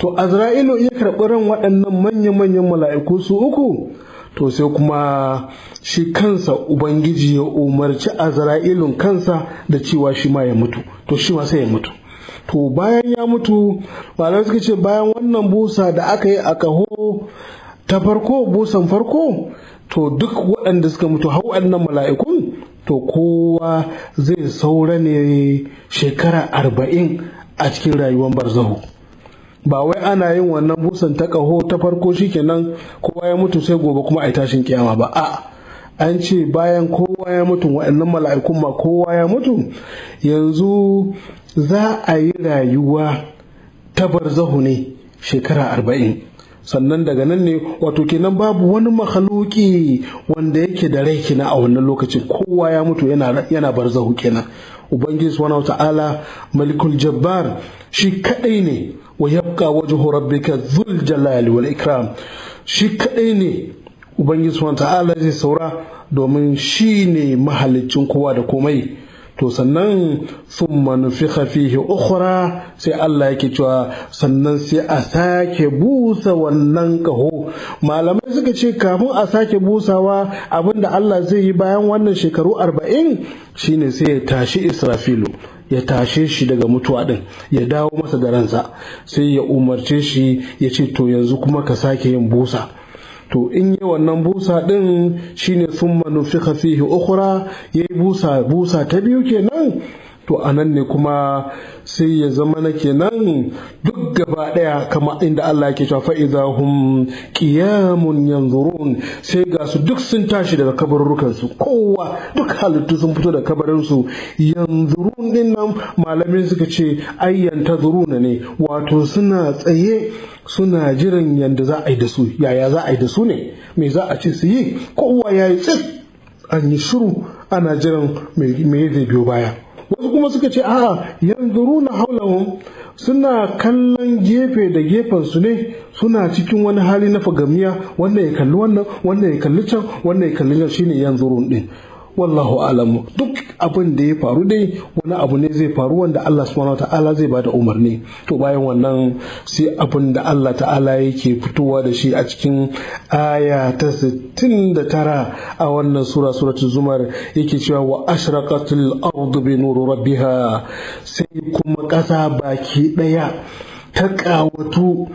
[SPEAKER 5] to Azra'ilu ya karɓi ran waɗannan manya-manyan mala'iku su uku to sai kuma shi kansa ubangiji ya umarci azra'ilun kansa da cewa shi ma ya mutu to shi ma sai ya mutu to bayan ya mutu malamai suka ce bayan wannan busa da aka yi a kaho ta farko busan farko to duk waɗanda suka mutu hau nan mala'ikun to kowa zai saura ne shekara arba'in a cikin rayuwar barzahu ba wai ana yin wannan busan ta kaho ta farko shi shikenan kowa ya mutu sai gobe kuma a yi tashin kiyama ba a an ce bayan kowa ya mutu waɗannan mala'ikun ma kowa ya mutu yanzu za a yi rayuwa ta barzahu ne shekara arba'in sannan daga nan ne wato kenan babu wani mahaluki wanda yake da rai kina a wannan lokacin kowa ya mutu yana, barzahu kenan ubangiji subhanahu wata'ala malikul jabbar shi kadai ne wa wajen wajhu rabbika dhul jalali wal ikram shi kadai ne ubangiji subhanahu zai saura domin shi ne mahaliccin kowa da komai to sannan sun nufikha fihi ukhra sai Allah yake cewa sannan sai a sake busa wannan kaho malamai suka ce kafin a sake busawa abinda Allah zai yi bayan wannan shekaru arba'in shine sai ya tashi Israfilu ya tashe shi daga mutuwa ɗin ya dawo masa da ransa sai ya umarce shi ya ce to yanzu kuma ka sake yin busa to in yi wannan busa ɗin shine sun manufi fihi ukura yayi busa busa ta biyu kenan to anan ne kuma sai ya zama na kenan duk gaba ɗaya kama inda Allah yake cewa fa'iza hum qiyamun yanzurun sai ga su duk sun tashi daga kabarurukan su kowa duk halittu sun fito da kabarin su yanzurun din nan malamin suka ce ayyan tazuruna ne wato suna tsaye suna jiran yanda za a yi da su yaya za a yi da su ne me za a ce su yi kowa yayi tsif an yi shiru ana jiran me zai biyo baya kuma suka ce a'a yanzuru na haulahum suna kallon gefe da gefen su ne suna cikin wani hali na fagamiya wannan ya kalli wannan wannan ya kalli can wannan ya kalli can shine yanzuru din wallahu alamu duk abin da ya faru dai wani abu ne zai faru wanda Allah subhanahu ta'ala zai bada umarni to bayan wannan sai abin da Allah ta'ala yake fitowa da shi a cikin aya ta 69 a wannan sura suratu zumar yake cewa wa ashraqatil ardu bi nuri rabbiha sai kuma ƙasa baki ɗaya ta ƙawatu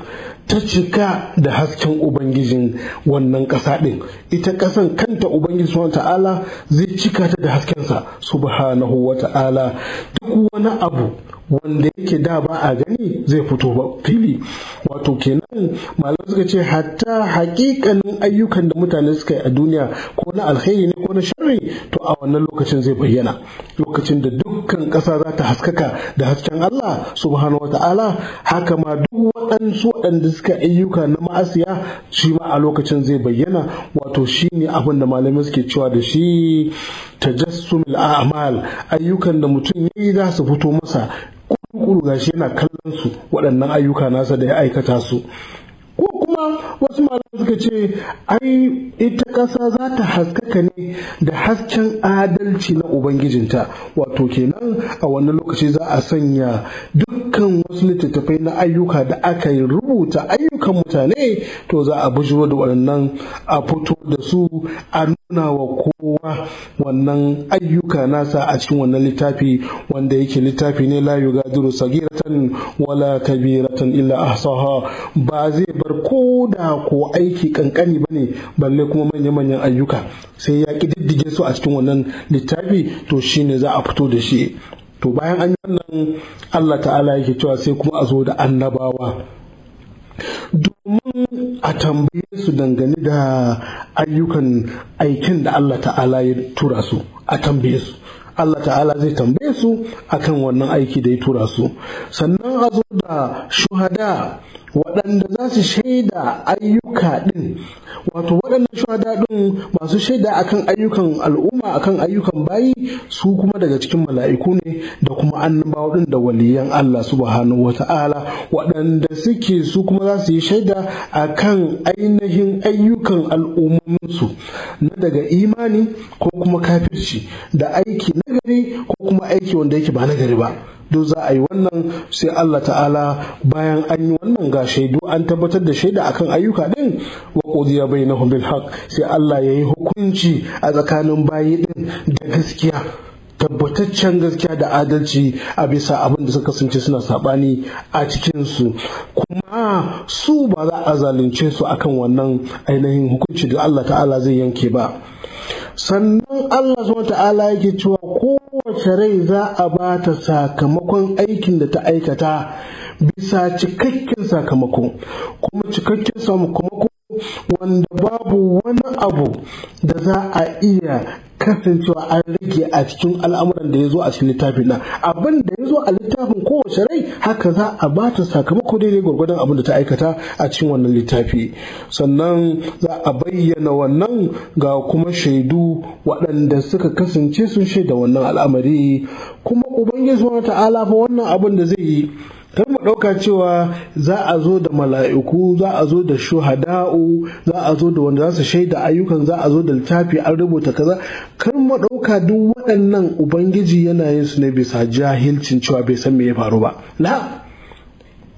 [SPEAKER 5] ta cika da hasken ubangijin wannan ƙasa ɗin ita ƙasan kanta ubangiji subhanahu ta'ala zai cika ta da haskensa subhanahu wa ta'ala duk wani abu wanda yake da ba a gani zai fito ba fili wato kenan malamai suka ce hatta hakikanin ayyukan da mutane suka yi a duniya ko na alkhairi ne ko na sharri to a wannan lokacin zai bayyana lokacin da dukkan ƙasa za ta haskaka da hasken Allah subhanahu wa ta'ala haka ma duk waɗansu waɗanda suka ayyuka na ma'asiya shi ma a lokacin zai bayyana wato shi ne abin da malamai suke cewa da shi tajassumul a'mal ayyukan da mutum ya yi za su fito masa kuru gashi yana kallon su waɗannan ayyuka nasa da ya aikata su ko kuma wasu malamai suka ce ai ita ƙasa za ta haskaka ne da hasken adalci na ubangijinta wato kenan a wannan lokaci za a sanya dukkan wasu littattafai na ayyuka da aka yi rubuta ayyukan mutane to za a bujiro da waɗannan a fito da su a nuna wa kowa wannan ayyuka nasa a cikin wannan littafi wanda yake littafi ne la yugadiru sagiratan wala kabiratan illa ahsaha ba zai bar da ko da ko aiki kankani ba ne balle kuma manya-manyan ayyuka sai ya ƙididdige su a cikin wannan littafi to shi ne za a fito da shi to bayan an yi wannan allah ta'ala yake cewa sai kuma a zo da annabawa domin a tambaye su dangane da ayyukan aikin da allah ta'ala ya tura su a tambaye su Allah ta'ala zai tambaye su akan wannan aiki da ya tura su sannan a zo da shuhada waɗanda za su shaida ayyuka ɗin wato waɗannan shuhada ɗin masu shaida akan ayyukan al'umma akan ayyukan bayi su kuma daga cikin mala'iku ne da kuma annabawa ɗin da waliyan Allah subhanahu wata'ala waɗanda suke su kuma za su yi shaida akan ainihin ayyukan al'ummansu na daga imani ko kuma kafirci da aiki nagari ko kuma aiki wanda yake ba na gari ba duk za a yi wannan sai Allah ta'ala bayan an yi wannan ga shaidu an tabbatar da shaida akan ayyuka din wa qudiya bainahum bil haqq sai Allah yayi hukunci a tsakanin bayi din da gaskiya tabbataccen gaskiya da adalci a bisa abin da suka kasance suna sabani a cikinsu kuma su ba za a zalunce su akan wannan ainihin hukunci da Allah ta'ala zai yanke ba sannan Allah subhanahu ta'ala yake cewa kowace rai za a ba ta sakamakon aikin da ta aikata bisa cikakken sakamako kuma cikakken sakamako wanda babu wani abu da za a iya kasancewa an rage a cikin al'amuran da ya zo a cikin littafin nan abin da ya zo a littafin kowace rai haka za a ba ta sakamako daidai gwargwadon abin da ta aikata a cikin wannan littafi sannan za a bayyana wannan ga kuma shaidu waɗanda suka kasance sun shaida wannan al'amari kuma ubangiji wa ta'ala fa wannan abin da zai yi kar mu ɗauka cewa za a zo da mala'iku za a zo da shuhada'u za a zo da wanda za su shaida ayyukan za a zo da littafi an rubuta kaza kar mu ɗauka duk waɗannan ubangiji yana yin su ne bisa jahilcin cewa bai san me ya faru ba la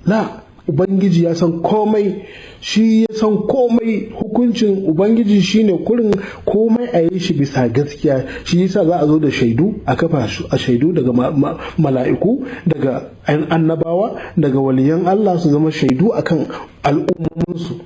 [SPEAKER 5] la ubangiji ya san komai shi ya san komai hukuncin ubangiji shine kurin komai a yi shi bisa gaskiya shi yasa za a zo da shaidu a kafa a shaidu daga mala'iku daga annabawa daga waliyan Allah su zama shaidu akan al'ummominsu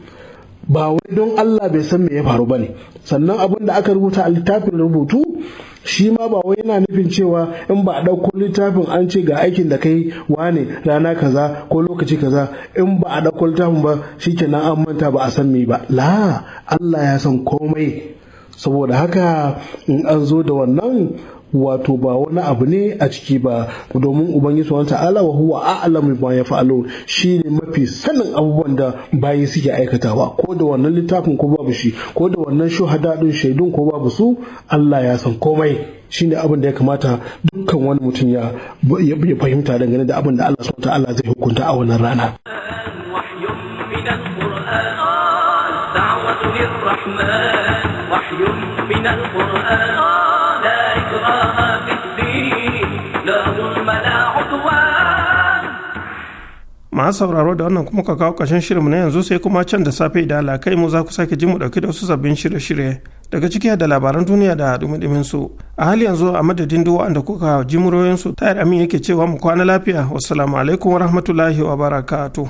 [SPEAKER 5] ba wai don Allah bai san me ya faru bane sannan abin da aka rubuta a littafin rubutu shi ma ba wai yana nufin cewa in ba a ɗauko littafin an ce ga aikin da kai wane rana kaza ko lokaci kaza in ba a ɗauko littafin ba shi kenan an manta ba a san me ba la Allah ya san komai saboda haka in an zo da wannan wato ba wani abu ne a ciki ba domin ubangiji wa ta'ala wa huwa a'lamu bima yaf'alun shine mafi sanin abubuwan da bayi suke aikatawa ko da wannan littafin ko babu shi ko da wannan shuhada din shaidun ko babu su Allah ya san komai shine abin da ya kamata dukkan wani mutum ya fahimta dangane da abin da Allah subhanahu ta'ala zai hukunta a wannan rana
[SPEAKER 1] masu sauraro da wannan kuma ka kawo ƙarshen shirinmu na yanzu sai kuma can da safe da alakai mu za ku sake ji mu ɗauki da wasu sabbin shirye-shirye daga ciki da labaran duniya da dumi su a hali yanzu a madadin duk wanda kuka ji su tayar amin yake cewa mu kwana lafiya wassalamu alaikum warahmatullahi rahmatullahi